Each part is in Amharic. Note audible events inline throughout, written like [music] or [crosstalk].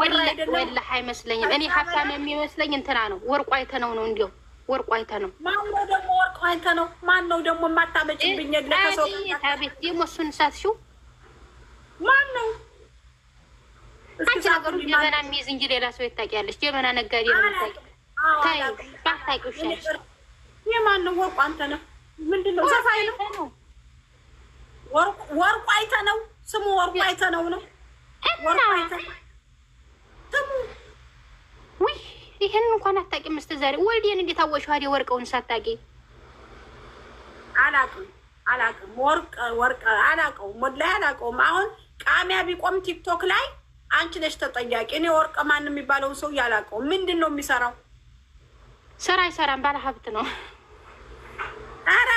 ወላሂ አይመስለኝም። እኔ ሀብታም የሚመስለኝ እንትና ነው፣ ወርቁ አይተነው ነው። እንዲያው ወርቁ አይተነው ማነው ደግሞ ወርቁ አይተነው ማነው ደግሞ የማታመጭብኝ ቤት ደግሞ እሱን ሳትሺው ማነው? አንቺ ነገሩ ጀበና የሚይዝ እንጂ ሌላ ሰው የታውቂያለሽ? ጀበና ነጋዴ ነው የምታውቂው። ታይው ባታውቂው ይሻልሽ። የማነው ወርቁ? አንተ ነው ምንድን ነው ዘፋኝ ነው ወርቁ አይተነው ስሙ ወርቁ አይተነው ነው ወርቁ አይተነው ይሄን እንኳን አታውቂም። እስከ ዛሬ ወልዴን እንዴት አወቅሽው? አይደል ወርቀውን ሳታውቂ? አላውቅም አላውቅም፣ ወርቅ ወርቅ አላውቀውም፣ ወላሂ አላውቀውም። አሁን ቃሚያ ቢቆም ቲክቶክ ላይ አንቺ ነሽ ተጠያቂ። እኔ ወርቅ ማን የሚባለውን ሰው ያላውቀው። ምንድን ነው የሚሰራው? ስራ አይሰራም፣ ባለ ሀብት ነው። አረ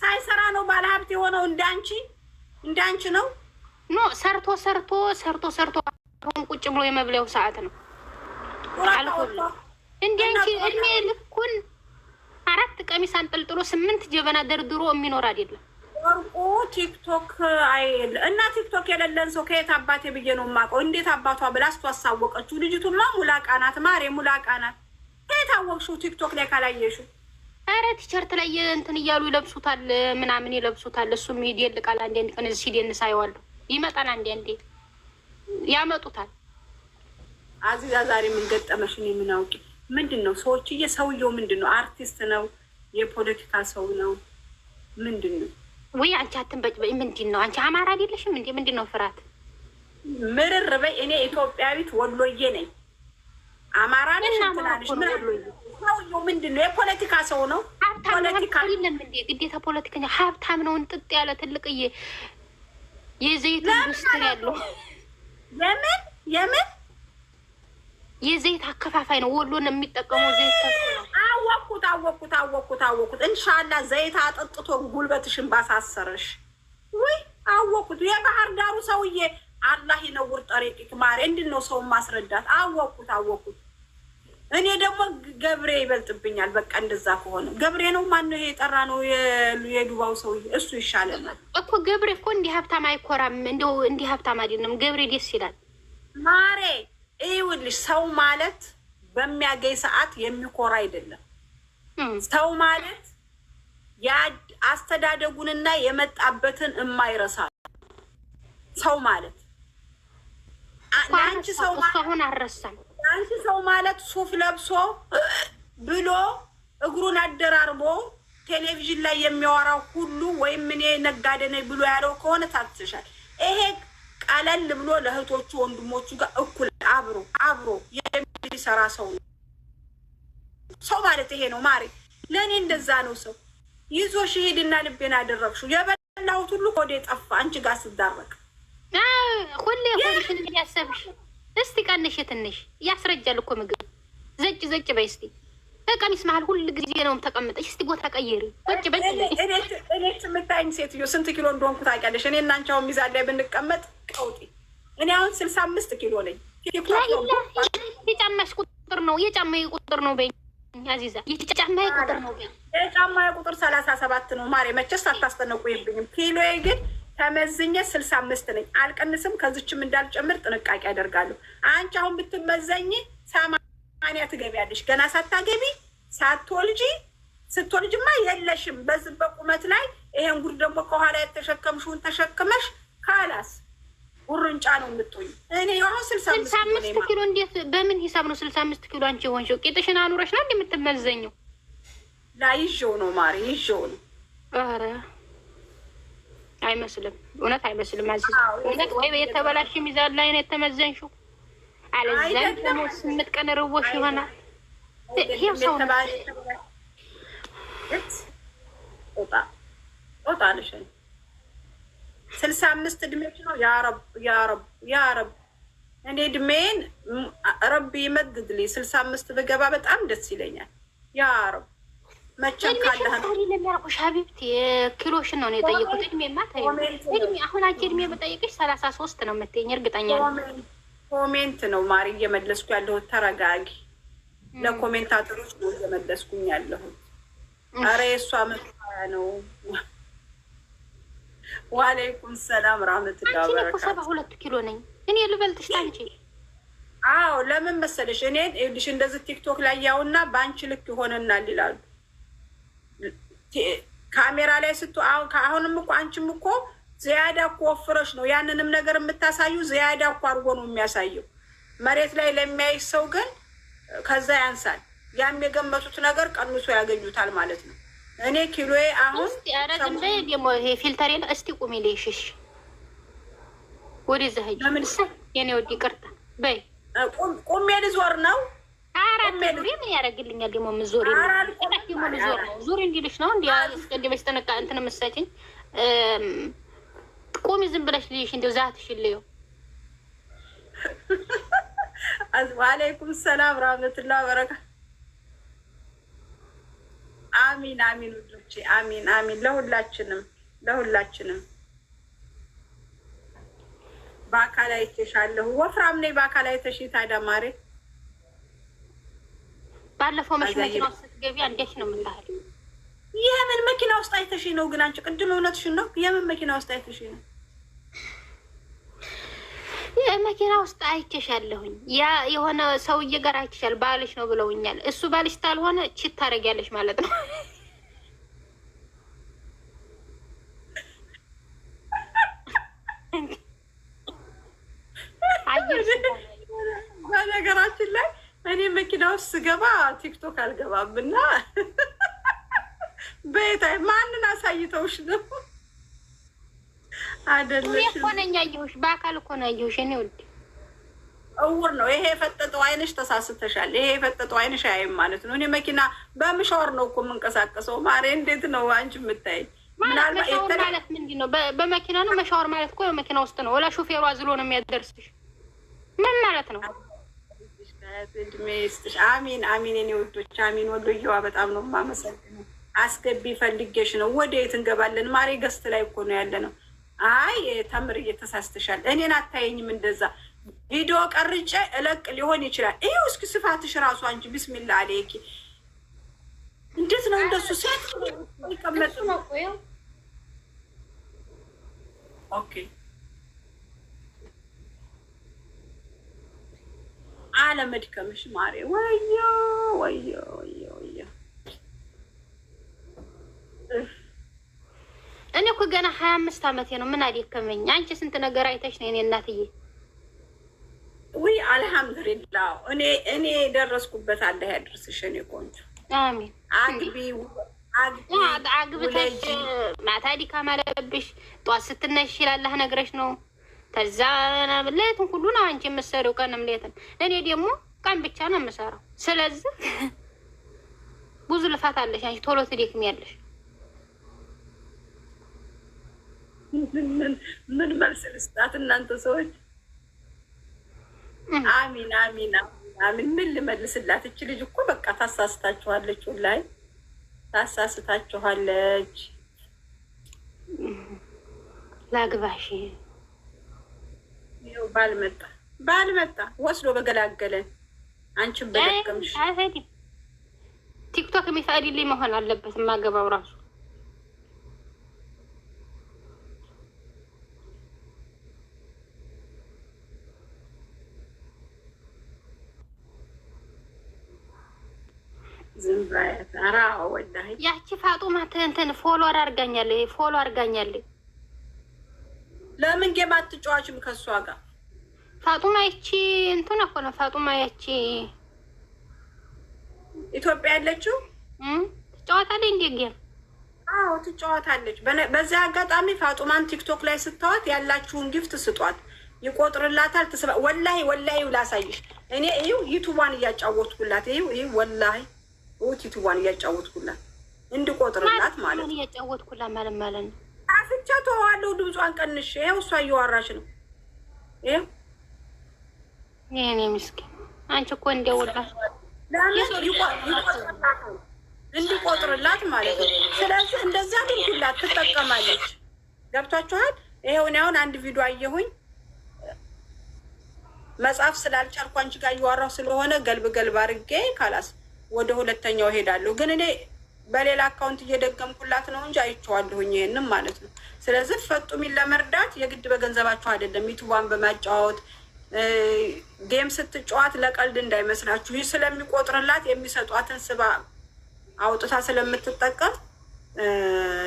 ሳይሰራ ነው ባለ ሀብት የሆነው። እንዳንቺ እንዳንቺ ነው። ኖ ሰርቶ ሰርቶ ሰርቶ ሰርቶ ቁጭ ብሎ የመብለው ሰዓት ነው። እንዲህ አንቺ እድሜ ልኩን አራት ቀሚስ አንጠልጥሎ ስምንት ጀበና ደርድሮ የሚኖር አይደለም። ወርቁ ቲክቶክ አይል እና ቲክቶክ የሌለን ሰው ከየት አባቴ ብዬ ነው የማውቀው? እንዴት አባቷ ብላ አሳወቀችው? ልጅቱማ ሙላቃ ናት፣ ማሬ ሙላቃ ናት። ከየት አወቅሽው? ቲክቶክ ላይ ካላየሽው። ኧረ ቲሸርት ላይ እንትን እያሉ ይለብሱታል፣ ምናምን ይለብሱታል። እሱም ሂድ ይልቃል። አንዴ ቀን እዚህ ሂድ ይመጣል። አንዴ አንዴ ያመጡታል። አዚዛ ዛሬ ምን ገጠመሽ? እኔ ምንድን ነው ሰዎችዬ፣ ሰውየው ምንድን ነው? አርቲስት ነው? የፖለቲካ ሰው ነው? ምንድን ነው? ወይ አንቺ አትንበጭበጭ። ምንድን ነው አንቺ አማራ አይደለሽም? እንዲ ምንድን ነው ፍርሃት? ምርር በይ። እኔ ኢትዮጵያዊት ወሎዬ ነኝ። አማራ ነሽ ትላለሽ። ሰውየው ምንድን ነው? የፖለቲካ ሰው ነው? ፖለቲካ እንዴ? ግዴታ ፖለቲከኛ ሀብታም ነው እንጥጥ ያለ ትልቅዬ የዘይት ኢንዱስትሪ ያለው የምን የምን የዘይት አከፋፋይ ነው። ወሎን የሚጠቀሙ ዘይት አወቅኩት አወቅኩት አወቅኩት አወቅኩት። እንሻላ ዘይት አጠጥቶ ጉልበትሽን ባሳሰረሽ። ውይ አወቅኩት። የባህር ዳሩ ሰውዬ አላህ ይነውር ጠሪቂክ ማሪ። እንድን ነው ሰውን ማስረዳት። አወቅኩት አወቅኩት። እኔ ደግሞ ገብሬ ይበልጥብኛል። በቃ እንደዛ ከሆነ ገብሬ ነው ማነው የጠራ ነው የዱባው ሰውዬ፣ እሱ ይሻለናል እኮ ገብሬ እኮ እንዲህ ሀብታም አይኮራም። እንደው እንዲህ ሀብታም አይደለም ገብሬ፣ ደስ ይላል ማሬ ይኸውልሽ ሰው ማለት በሚያገኝ ሰዓት የሚኮራ አይደለም። ሰው ማለት አስተዳደጉንና የመጣበትን የማይረሳ ሰው ማለት አንቺ ሰው ሰው ማለት ሱፍ ለብሶ ብሎ እግሩን አደራርቦ ቴሌቪዥን ላይ የሚያወራው ሁሉ ወይም እኔ ነጋዴ ነኝ ብሎ ያለው ከሆነ ታትሻል። ይሄ ቀለል ብሎ ለእህቶቹ ወንድሞቹ ጋር እኩል አብሮ አብሮ የሚሰራ ሰው ነው። ሰው ማለት ይሄ ነው ማሬ። ለእኔ እንደዛ ነው። ሰው ይዞ ሽሄድና ልቤን አደረግሽው የበላሁት ሁሉ ሆዴ ጠፋ። አንቺ ጋር ስዳረግ ሁሌ ሆድሽን እያሰብሽ እስቲ ቀንሽ ትንሽ ያስረጃል እኮ ምግብ ዘጭ ዘጭ በይ እስቲ በቀሚስ መሀል ሁል ጊዜ ነው ተቀምጠሽ እስቲ ቦታ ቀይሪ በጭ በይ እኔ የምታይኝ ሴትዮ ስንት ኪሎ እንደሆንኩ ታውቂያለሽ እኔ እናንቻውን ሚዛን ላይ ብንቀመጥ ቀውጤ እኔ አሁን ስልሳ አምስት ኪሎ ነኝ የጫማሽ ቁጥር ነው የጫማዬ ቁጥር ነው በይኝ። አዚዛ ቁጥር ነው ቁጥር ሰላሳ ሰባት ነው ማሬ። መቼስ አታስጠነቁኝብኝም። ኪሎዬ ግን ተመዝኜ ስልሳ አምስት ነኝ። አልቀንስም፣ ከዚችም እንዳልጨምር ጥንቃቄ አደርጋለሁ። አንቺ አሁን ብትመዘኝ ሰማንያ ትገቢያለሽ። ገና ሳታገቢ ሳትወልጂ ስትወልጅማ የለሽም። በዚህ በቁመት ላይ ይሄን ጉድ ደግሞ ከኋላ የተሸከምሽውን ተሸክመሽ ካላስ ውርንጫ ነው የምትሆኝ። እኔ አሁን ስልሳ አምስት ኪሎ እንዴት በምን ሂሳብ ነው ስልሳ አምስት ኪሎ አንቺ የሆንሽው? ቄጥሽን አኑረሽ ነው እንደምትመዘኘው? የምትመዘኘው? ላይ ይዤው ነው ማሪ ይዤው ነው። ኧረ አይመስልም፣ እውነት አይመስልም። አዚ ወይ የተበላሽ ሚዛን ላይ ነው የተመዘንሽው። አለዛም ደግሞ ስምንት ቀን ርቦሽ ይሆናል። ይሄው ሰው ነው ጣ ጣ ልሸኝ ስልሳ አምስት እድሜች ነው። ያረብ ያረብ ያረብ እኔ እድሜን ረቢ ይመድድልኝ። ስልሳ አምስት በገባ በጣም ደስ ይለኛል። ያረብ መቼም ሀቢብቲ ኪሎሽን ነው የጠየቁት። እድሜ አሁን አንቺ እድሜ መጠየቅሽ ሰላሳ ሶስት ነው የምትይኝ እርግጠኛ ኮሜንት ነው ማሪ እየመለስኩ ያለሁት። ተረጋጊ። ለኮሜንታተሮች ነው እየመለስኩኝ ያለሁት። አረ የእሷ መ ነው ዋለይኩም ሰላም ራህመቱላሂ ወበረካቱ። ሰባ ሁለት ኪሎ ነኝ እኔ ልበልጥሽ ታንቺ። አዎ ለምን መሰለሽ እኔ ይኸውልሽ፣ እንደዚህ ቲክቶክ ላይ ያውና በአንቺ ልክ ይሆነናል ይላሉ። ካሜራ ላይ ስቱ አሁንም እኮ አንቺም እኮ ዝያዳ እኮ ወፍረሽ ነው ያንንም ነገር የምታሳዩ ዝያዳ እኮ አድርጎ ነው የሚያሳየው። መሬት ላይ ለሚያይ ሰው ግን ከዛ ያንሳል። ያም የገመቱት ነገር ቀንሶ ያገኙታል ማለት ነው። እኔ ኪሎዬ አሁን ኧረ ዝም በይ ደግሞ ይሄ ፊልተር ነው። እስቲ ቁሚ ልይሽሽ ወደዛ ሂጅ። የኔ ወዲ ቅርታ በይ ቁሜ ልዞር ነው። አራት ምን ያደርግልኛል ደግሞ ምዞር ዞር ነው። ዙሪ እንዲልሽ ነው እንዲ ስቀድበሽ ጥንቃ እንትን መሳችኝ። ቁሚ ዝም ብለሽ ልይሽ እንዲ ዛትሽ ልየው። ዋአለይኩም [laughs] ሰላም ረመቱላ በረካቱ አሚን አሚን፣ ውዶቼ አሚን አሚን፣ ለሁላችንም ለሁላችንም። በአካል አይቼሻለሁ፣ ወፍራም ነኝ። በአካል አይተሽ ታዲያ ማሬ፣ ባለፈው መሽ መኪና ውስጥ ስትገቢ እንዴት ነው የምናህል? የምን መኪና ውስጥ አይተሽ ነው? ግን አንቺ ቅድም እውነትሽን ነው። የምን መኪና ውስጥ አይተሽ ነው? መኪና ውስጥ አይቼሻለሁኝ። ያ የሆነ ሰውዬ ጋር አይቼሻል፣ ባልሽ ነው ብለውኛል። እሱ ባልሽ ታልሆነ ቺት ታደርጊያለሽ ማለት ነው። በነገራችን ላይ እኔ መኪና ውስጥ ስገባ ቲክቶክ አልገባም እና በየታይ ማንን አሳይተውሽ ነው? እኮ ነኝ በአካል እኮ ነው እኔ ውድ እውር ነው ይሄ የፈጠጠው አይንሽ፣ ተሳስተሻል። ይሄ የፈጠጠው አይንሽ አያይም ማለት ነው። እኔ መኪና በምሻወር ነው እኮ የምንቀሳቀሰው። ማሬ እንዴት ነው አንቺ የምታይ? ማለት ምንድን ነው? በመኪና ነው መሻወር ማለት እኮ ውስጥ ነው። ወላ አዝሎ ነው የሚያደርስሽ። ምን ማለት ነው? እድሜ ይስጥሽ። አሚን አሚን። የኔ ውዶች አሚን። በጣም ነው የማመሰግነው። አስገቢ ፈልጌሽ ነው። ወደ የት እንገባለን? ማሬ ገስት ላይ እኮ ነው ያለ ነው አይ ተምር እየተሳስተሻል፣ እኔን አታየኝም። እንደዛ ቪዲዮ ቀርጬ እለቅ ሊሆን ይችላል። ይህ እስኪ ስፋትሽ ራሱ አንቺ ብስሚላ አሌኪ እንዴት ነው እንደሱ ሴት ይቀመጥ? ኦኬ አለመድከምሽ ማሬ፣ ወዮ ወዮ ወዮ ወዮ እኔ እኮ ገና ሀያ አምስት አመቴ ነው። ምን አደከመኝ? አንቺ ስንት ነገር አይተሽ ነው የኔ እናትዬ። ውይ አልሐምዱሊላ። እኔ እኔ የደረስኩበት አለ ያድርስሽ። እኔ ቆንጆ አሜን። አግቢ አግብተሽ ማታ ድካም አለብሽ። ጧት ስትነሽ ይላላህ ነግረሽ ነው ከዛ ሌትን ሁሉ ነው አንቺ የምትሰሪው፣ ቀንም ሌትን። እኔ ደግሞ ቀን ብቻ ነው የምሰራው። ስለዚህ ብዙ ልፋት አለሽ አንቺ፣ ቶሎ ትደክሚያለሽ። ምን መልስ ልስጣት? እናንተ ሰዎች አሚን አሚን አሚን። ምን ልመልስላት? እች ልጅ እኮ በቃ ታሳስታችኋለች፣ ሁላይ ታሳስታችኋለች። ላግባሽ ይኸው ባል መጣ ወስዶ በገላገለን አንቺን በደቀምሽ ቲክቶክ የሚፈቅድልኝ መሆን አለበት የማገባው ራሱ ያቺ ፋጡማ እንትን ፎሎር አርጋኛለ ፎሎ አርጋኛለ። ለምን ጌም አትጫዋችም ከእሷ ጋር? ፋጡማ ያቺ እንትን እኮ ነው ፋጡማ ያቺ ኢትዮጵያ ያለችው ትጫዋታለች እንዴ ጌም? አዎ ትጫዋታለች። በዚህ አጋጣሚ ፋጡማን ቲክቶክ ላይ ስታዋት ያላችሁን ጊፍት ስጧት፣ ይቆጥርላታል። ትስባ ወላሂ ወላሂ ላሳይሽ እኔ ይሁ ዩቱቧን እያጫወትኩላት ይሁ ይሁ ወላሂ ኦቲቱዋን እያጫወትኩላት እንድቆጥርላት ማለት ነው። እያጫወትኩላት ማለት ማለት ነው። አፍቻ ተዋለው ድምጿን ቀንሽ። ይኸው እሷ እየዋራች ነው። ይኸው ይህኔ ምስኪ አንቺ እኮ እንደውላል እንዲቆጥርላት ማለት ነው። ስለዚህ እንደዛ አድርጉላት ትጠቀማለች። ገብቷችኋል? ይሄውን አሁን አንድ ቪዲዮ አየሁኝ መጽሐፍ ስላልቻልኩ አንቺ ጋር እያወራሁ ስለሆነ ገልብ ገልብ አድርጌ ካላስ ወደ ሁለተኛው ሄዳለሁ። ግን እኔ በሌላ አካውንት እየደገምኩላት ነው እንጂ አይቼዋለሁኝ ይሄንም ማለት ነው። ስለዚህ ፈጡሚን ለመርዳት የግድ በገንዘባችሁ አይደለም፣ ዩቱቧን በማጫወት ጌም ስትጫዋት ለቀልድ እንዳይመስላችሁ። ይህ ስለሚቆጥርላት የሚሰጧትን ስባ አውጥታ ስለምትጠቀም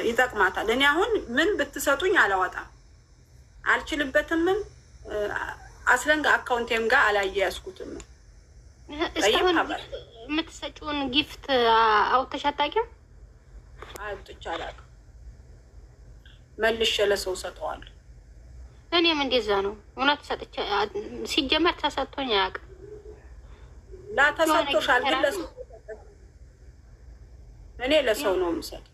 ይጠቅማታል። እኔ አሁን ምን ብትሰጡኝ አላወጣም፣ አልችልበትምም። አስለንግ አካውንቴም ጋር አላያያዝኩትም። የምትሰጪውን ጊፍት አውጥተሽ አታውቂም? አውጥቼ አላውቅም። መልሼ ለሰው ሰጠዋል። እኔም እንደዛ ነው። እውነት ሰጥቼ ሲጀመር ተሰጥቶኝ አያውቅም። ላተሰጥቶሻል፣ ግን ለሰው እኔ ለሰው ነው የምሰጠው።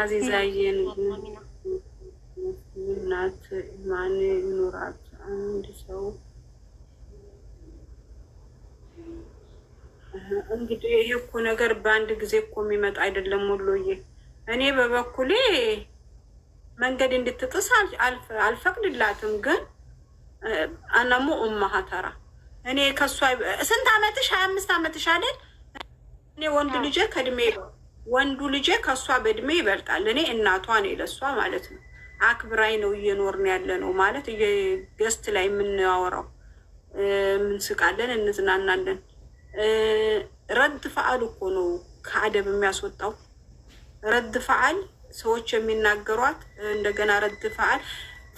አዚዛዬን እናት ማን ይኖራት? አንድ ሰው እንግዲህ ይሄ እኮ ነገር በአንድ ጊዜ እኮ የሚመጣ አይደለም። ወሎዬ፣ እኔ በበኩሌ መንገድ እንድትጥስ አልፈቅድላትም። ግን አናሞ ኡማሃተራ እኔ ከሷ ስንት አመትሽ? ሀያ አምስት አመትሽ አይደል? እኔ ወንዱ ልጄ ከእድሜ ወንዱ ልጄ ከእሷ በእድሜ ይበልጣል። እኔ እናቷ ነኝ ለእሷ ማለት ነው። አክብራይ ነው እየኖርን ያለ ነው ማለት ገስት ላይ የምናወራው ምንስቃለን እንዝናናለን። ረድ ፈዓል እኮ ነው ከአደብ የሚያስወጣው። ረድ ፈዓል ሰዎች የሚናገሯት እንደገና ረድ ፈዓል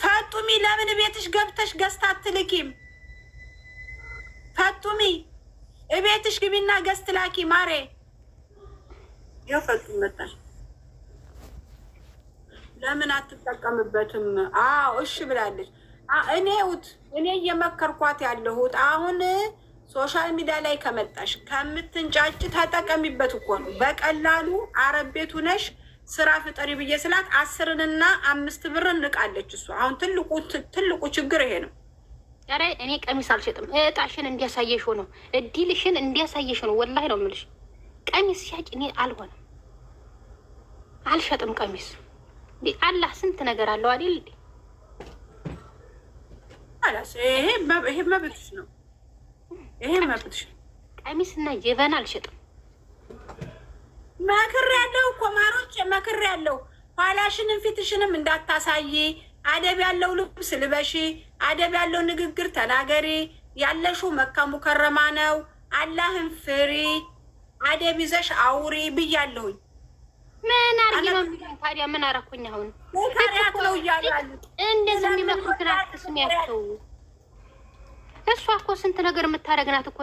ፈጡሚ ለምን ቤትሽ ገብተሽ ገስት አትልኪም? ፈጡሚ እቤትሽ ግቢና ገስት ላኪ ማሬ። ያው ፈጡሚ መጣች። ለምን አትጠቀምበትም? አዎ እሺ ብላለች። እኔ ውት እኔ እየመከርኳት ያለሁት አሁን ሶሻል ሚዲያ ላይ ከመጣሽ ከምትንጫጭ ተጠቀሚበት እኮ ነው። በቀላሉ አረብ ቤት ሆነሽ ስራ ፍጠሪ ብዬ ስላት አስርንና አምስት ብር እንቃለች። እሱ አሁን ትልቁ ችግር ይሄ ነው። ኧረ እኔ ቀሚስ አልሸጥም። እጣሽን እንዲያሳየሽ ነው፣ እድልሽን እንዲያሳየሽ ነው። ወላሂ ነው የምልሽ። ቀሚስ ሻጭ እኔ አልሆነም፣ አልሸጥም ቀሚስ አላህ ስንት ነገር አለው አይደል? ይሄ መብትሽ ነው። ይሄ መብትሽ ነው። ቀሚስና ጀበና አልሸጥም። መክሬያለሁ እኮ ማሮች፣ ያለው ኋላሽንም ፊትሽንም እንዳታሳይ። አደብ ያለው ልብስ ልበሺ፣ አደብ ያለው ንግግር ተናገሪ። ያለሽው መካ ሙከረማ ነው። አላህን ፍሪ፣ አደብ ይዘሽ አውሪ ብያለሁኝ። ምን አርጊ ነው የሚለው ታዲያ? ምን አረኩኝ አሁን? ካሪያት ነው እያሉ ያሉት እንደዚህ የሚመክሩትን አትስሚያቸው። እሷ እኮ ስንት ነገር ናት እኮ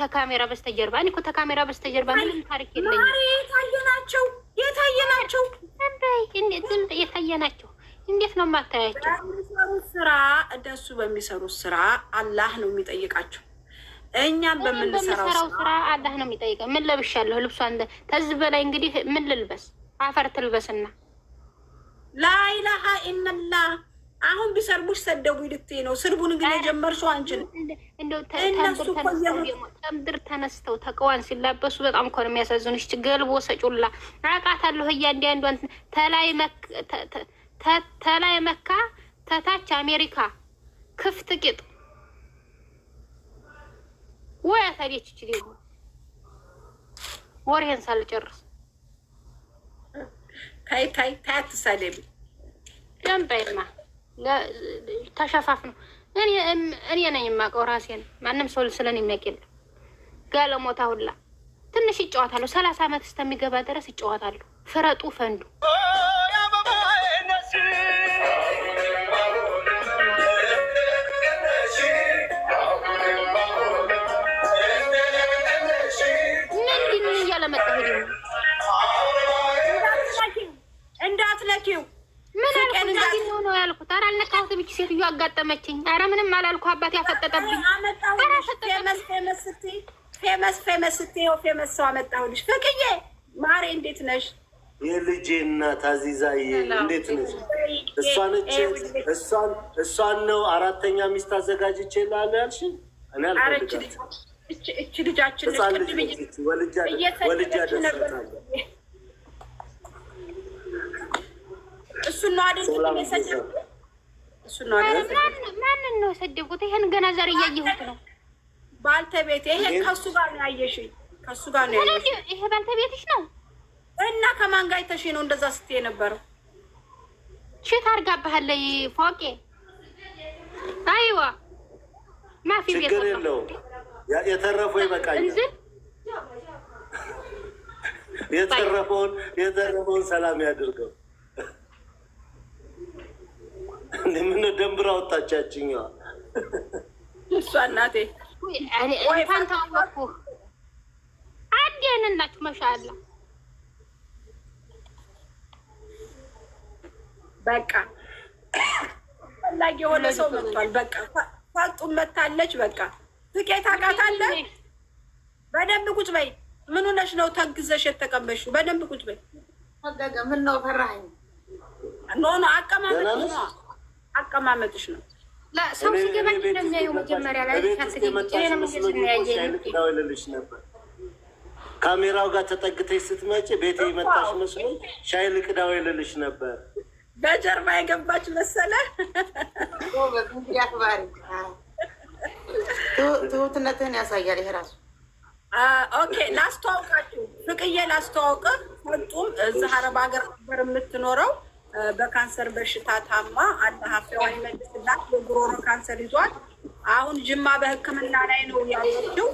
ተካሜራ በስተጀርባ። እኔ እኮ ተካሜራ በስተጀርባ ምንም ታሪክ የለኝም። የታየ ናቸው የታየ ናቸው የታየ ናቸው። እንዴት ነው የማታያቸው? በሚሰሩት ስራ እነሱ በሚሰሩት ስራ አላህ ነው የሚጠይቃቸው። እኛም በምንሰራው ስራ አላህ ነው የሚጠይቀው። ምን ለብሻለሁ ልብሷ እንደ ተዝ በላይ እንግዲህ ምን ልልበስ? አፈር ትልበስና ላይላሀ ኢነላ አሁን ቢሰርቡሽ ሰደቡ ልቴ ነው። ስርቡን ግን የጀመርሽው አንቺ ነው። እነሱ ተምድር ተነስተው ተቀዋን ሲላበሱ በጣም እኮ ነው የሚያሳዝኑሽ። ገልቦ ሰጩላ አውቃታለሁ። እያንዳንዷን ተላይ መካ ተታች አሜሪካ ክፍት ቂጥ ወይ አሳደች ይችል ይሆ ወሬን ሳልጨርስ ታይ ታይ ታይ አትሳደቢ። ደንባይማ ተሸፋፍ ነው። እኔ እኔ ነኝ የማውቀው ራሴን። ማንም ሰው ስለኔ እኔ የሚያውቅ የለም። ጋለሞታ ሁላ ትንሽ ይጫወታለሁ። ሰላሳ አመት እስከሚገባ ድረስ ይጫወታለሁ። ፍረጡ ፈንዱ አልነካሁትም። ይቺ ሴትዮ አጋጠመችኝ። አረ ምንም አላልኩ። አባት ያፈጠጠብኝ። ፌመስ ፌመስ ስትይ ይኸው ፌመስ ሰው አመጣሁልሽ። ፍቅዬ ማሬ እንዴት ነሽ? የልጄ እናት አዚዛዬ እንዴት ነሽ? እሷ ነች። እሷን እሷን ነው አራተኛ ሚስት አዘጋጅቼ ላለ ያልሽኝ እኔ አልፈልጋትም። እቺ ልጃችን ወልጃ ደስ እሱን ነው አድርግ ሰ ማንን ነው የሰደብኩት? ይሄን ገና ዛሬ እያየሁት ነው። ባልተቤት ይሄ ከሱ ጋር ነው ያየሽኝ፣ ከሱ ጋር ነው ያየሽኝ። ይሄ ባልተቤትሽ ነው እና ከማን ጋር አይተሽ ነው እንደዛ ስትይ የነበረው? ሽት አድርጋብሃለች ፎቄ። አይዋ ማፊ ቤት ነው የተረፈው። ይበቃኛል እንዝል የተረፈውን ሰላም ያድርገው። እንደምን ደንብራ ወጣቻችኛ እሷ እናቴ እንኳን ታወኩ አዲያን ማሻአላ በቃ ፈላጊ የሆነ ሰው መጥቷል። በቃ ፋጡም መታለች። በቃ ትቄ ታውቃታለህ። በደንብ ቁጭ በይ። ምን ሆነሽ ነው ተግዘሽ የተቀመጥሽው? በደንብ ቁጭ በይ። ምን ነው ፈራኝ? ኖ ኖ አቀማመጥ ነው አቀማመጥሽ ነው። ሰው ሲገባኝ እንደሚያየው መጀመሪያ ላይ ልልሽ ነበር። ካሜራው ጋር ተጠግተሽ ስትመጪ ቤት የመጣሽ መስሎ ሻይ ልቅዳው ልልሽ ነበር። በጀርባ የገባች መሰለ ትሁትነትህን ያሳያል ይሄ ራሱ። ኦኬ ላስተዋውቃችሁ፣ ፍቅዬ ላስተዋውቅ ፈጡም እዚህ አረብ ሀገር ነበር የምትኖረው በካንሰር በሽታ ታማ አላህ አፍያዋን ይመልስላት። የጉሮሮ ካንሰር ይዟል። አሁን ጅማ በሕክምና ላይ ነው ያለችው።